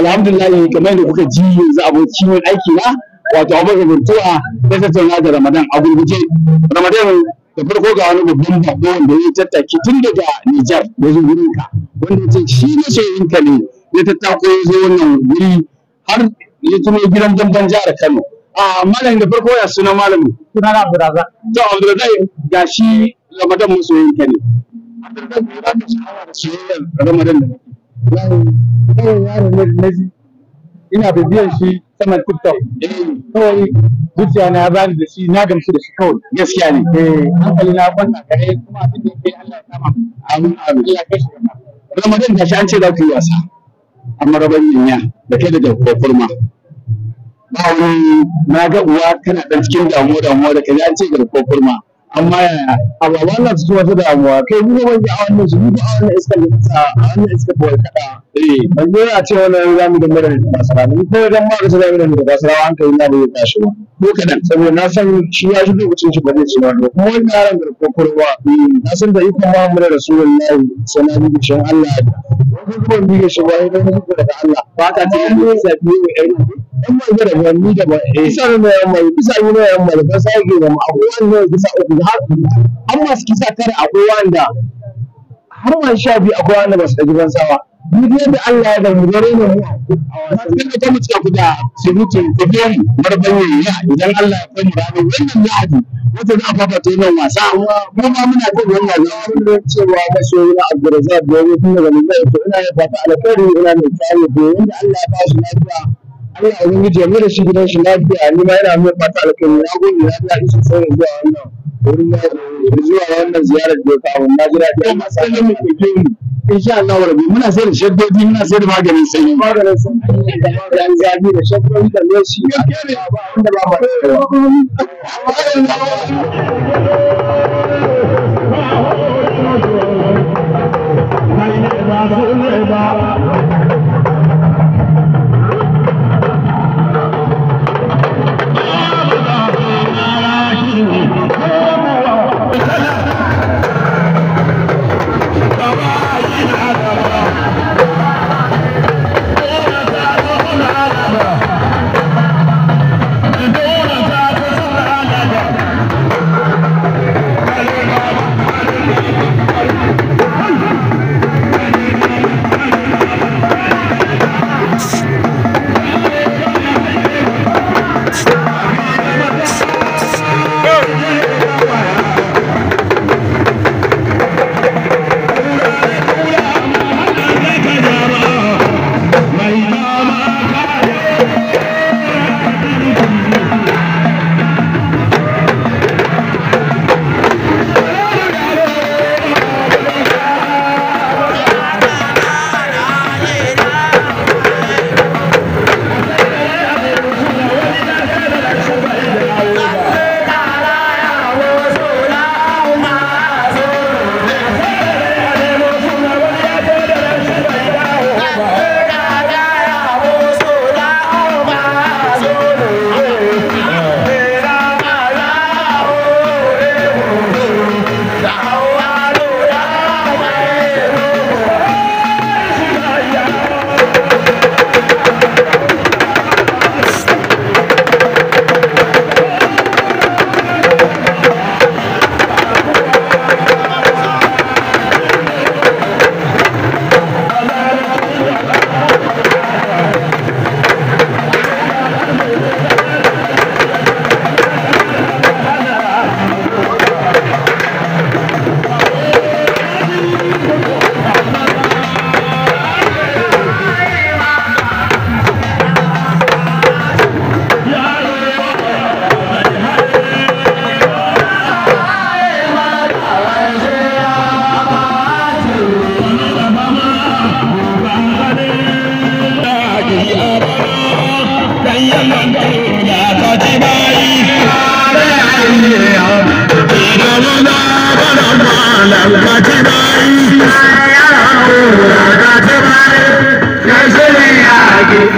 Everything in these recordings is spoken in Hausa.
alhamdulillah kamar da kuka ji yanzu abokin aiki na wato abubakar a da tattauna da ramadan a gurguje ramadan da farko ga wani babban bako wanda ya tattaki tun daga nijar da zo gurin ka wanda ce shi ne shayin ka ne ya tattako ya zo wannan guri har ya tuno gidan damban jihar kano a malam da farko ya suna malamin suna na abdurrazak to abdurrazak ga shi ramadan masoyin ka ne abdurrazak ya ba ka shawara soyayyar ramadan da wannan yaro ne da naji ina bibiyan shi saman tiktok kawai zuciya na bani da shi na gamsu da shi kawai gaskiya ne eh hankali na kwanta kare kuma abin da ke Allah ya sama amin amin ya kashi ramadan da shi an ce za ku yi wasa amma rabon yinya da kai da da kurma ba na ga uwa kana dan cikin damuwa damuwa da kai an ce da kurma amma yaya a ba wannan cikin wata damuwa kai mu ba ji a wannan su ba a wannan iska da ta a wannan iska da ta yanzu eh, yana cewa wannan za mu gama da basara mun ko dan ma kace za mu gama da basara an kai na bai tashi ba ko kadan saboda na san shi ya shi lokacin shi ba zai ci wani kuma wani yaran da eh, na san da ikon ma mu da rasulullahi sallallahu alaihi wasallam Allah ko kuma bi ga shi ba idan mu daga Allah ba ka ta yi sabi wa ai dan ma da wani da ba eh sai ne yan mai bisa yi ne yan mai ba sa ke da akwai wannan bisa uku har amma su kisa kare akwai wanda har ma sha biyu akwai wanda ba su gidan sawa bidiyo da Allah ya gani gare mu kan da mu ce ku da subutu ku biyo mu marban ya idan Allah ya kai mu ranar wannan lahadi wata za a fafata yin wasa mu ma muna kan wannan wasa mun cewa masoyi na Abdurrazzaq da yake tun daga Nijar to ina ya fata alkhairi ina mai tsari da wanda Allah ya ba shi lafiya Allah ya yi jami'a da shi gidan shi lafiya ni ma yana mai fata alkhairi na gode na ga shi sai zuwa wannan wurin zuwa wannan ziyarar da ya kawo na jira da masu sanin mu ku biyo mu insha Allah wa rabbi muna sayar da shaddodi muna sayar da maganin sanyi maganin sanyi da zabi da shaddodi da loshi gaskiya ne ba wanda ba ba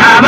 have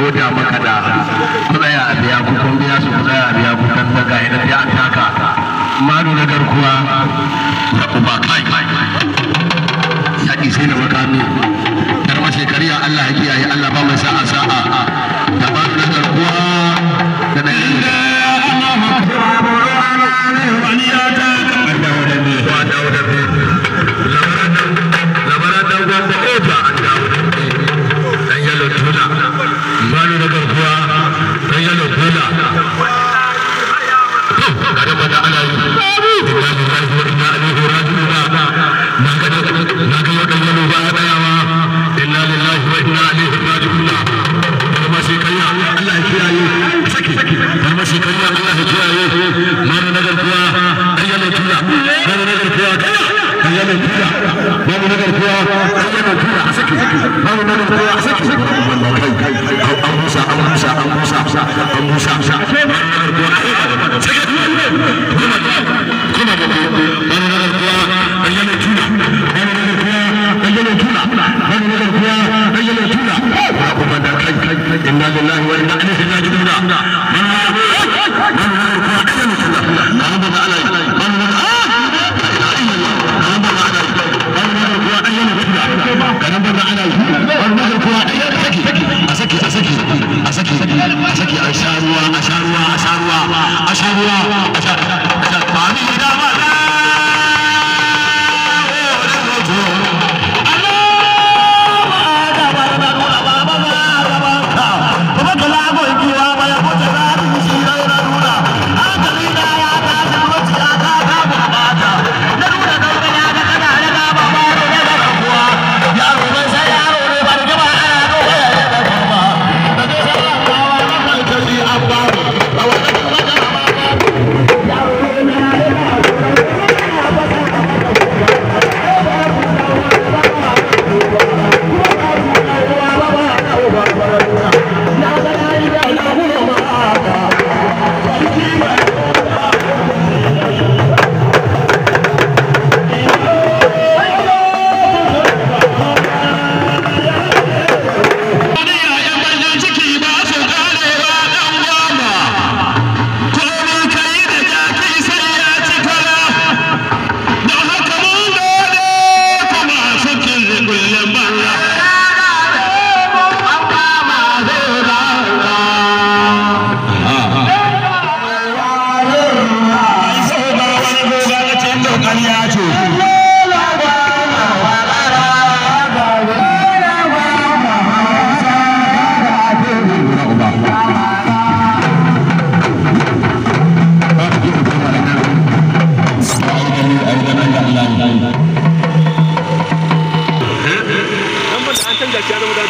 koda maka da kuma a biya ku kun biya su kuɗaya a biya ku kan daga ya an taka maru na garkuwa da uba kai yaƙi sai da makami karma shekariya Allah ya kiyaye Allah ba mai sa'a sa'a inna lillahi wa inna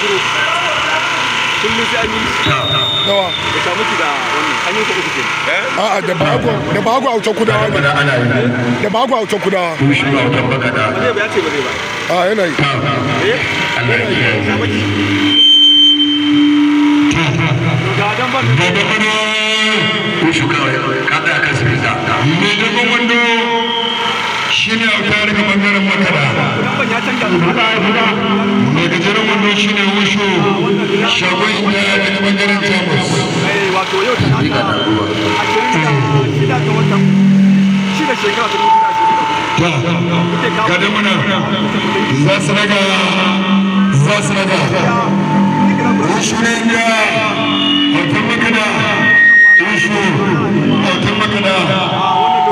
duro kullum sai an yi dawa da samu ki da wannan an yi kuɗi a eh? a'a da bago da bago a wutar kudawa ne da bago a wutar kudawa shi ba wutar baka da ba ya ce ba zai ba a yana yi eh Allah ya kiyaye Gobe kwano, ko shuka, kada ka sirza. Gobe kwano, shi ne auta daga bangaren makara mai gajeren wando shi ne wusho shagon inda daga bangaren jamus ga damuna za su raga za su raga wusho ne inda autar makara wusho autar makara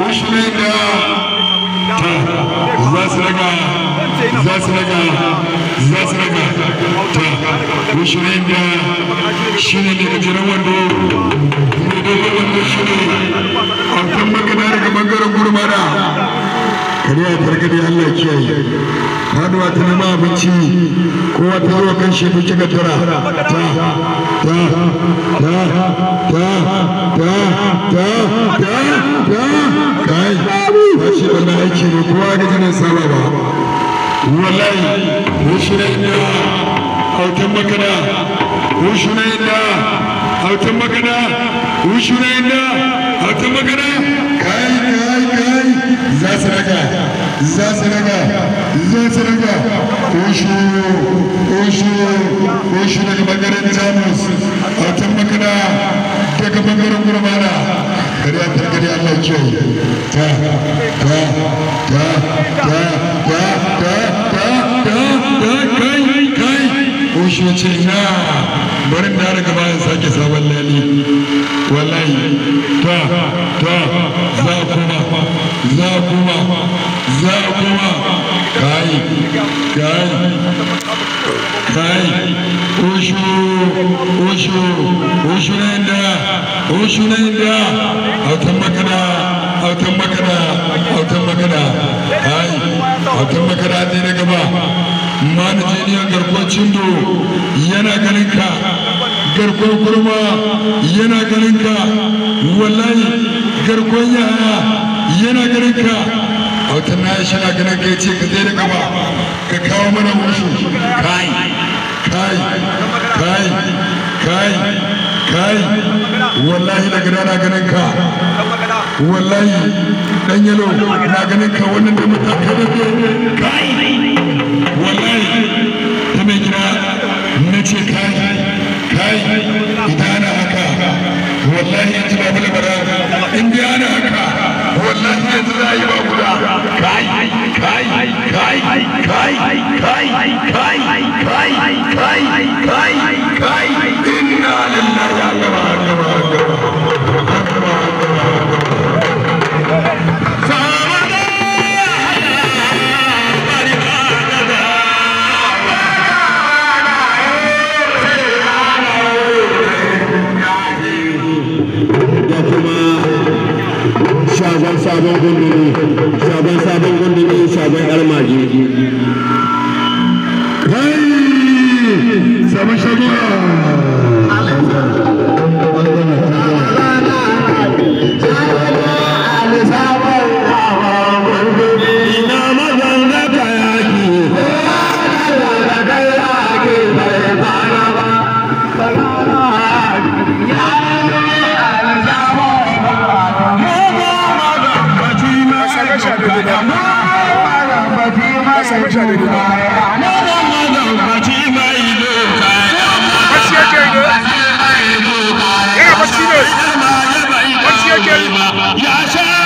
wusho ne inda su raga za su za su ta rushirin da shi ne daga jiran wando mai dogon wando shi ne a kan magana daga bangaren gurmana kare a fargade Allah kiyaye faduwa ta nema abinci ko ta yi wa kan shi duki tara, tura ta ta ta ta ta ta ഇല്ല ഔറ്റമ്മക്കട ഊഷണയില്ല ഔറ്റമ്മക്കട ഊഷണയില്ല ഔറ്റമ്മക്കട കായ് കായ് കായ് ജാസനക ജാസനക ജാസനക ഊഷു ഊഷു ഊഷു daga bangaren jamus ഔറ്റമ്മക്കട daga bangaren kurmana gari ta gari Allah kyau ta ta ta ta ta ta kai kai kai na barin da daga bayan sake sabon lani wallahi ta ta za kuma za kuma za kuma kai kai kai oshu oshu oshu na inda na inda a kan autan makana autan makana ai autan makana ne na gaba mana jiniya garkuwar cindo yana ganin ka garkuwar kurma yana ganin ka wallahi garkuwar yaya yana ganin ka autan na shi na ganin ka ce ka zai na gaba ka kawo mana wasu kai kai kai kai kai wallahi daga na ganin ka wallahi dan yalo na ganin ka wannan da mutaka da kai wallahi ta mai gida na ce kai kai idan ana haka wallahi yanzu ba bala bara in dai ana haka wallahi yanzu za a yi ba guda kai kai kai kai kai kai kai kai kai kai inna lillahi wa sabon gundumi shaban sabon gundumi shaban yar mage kai sabon shagora ka same shi a daidai bacci yake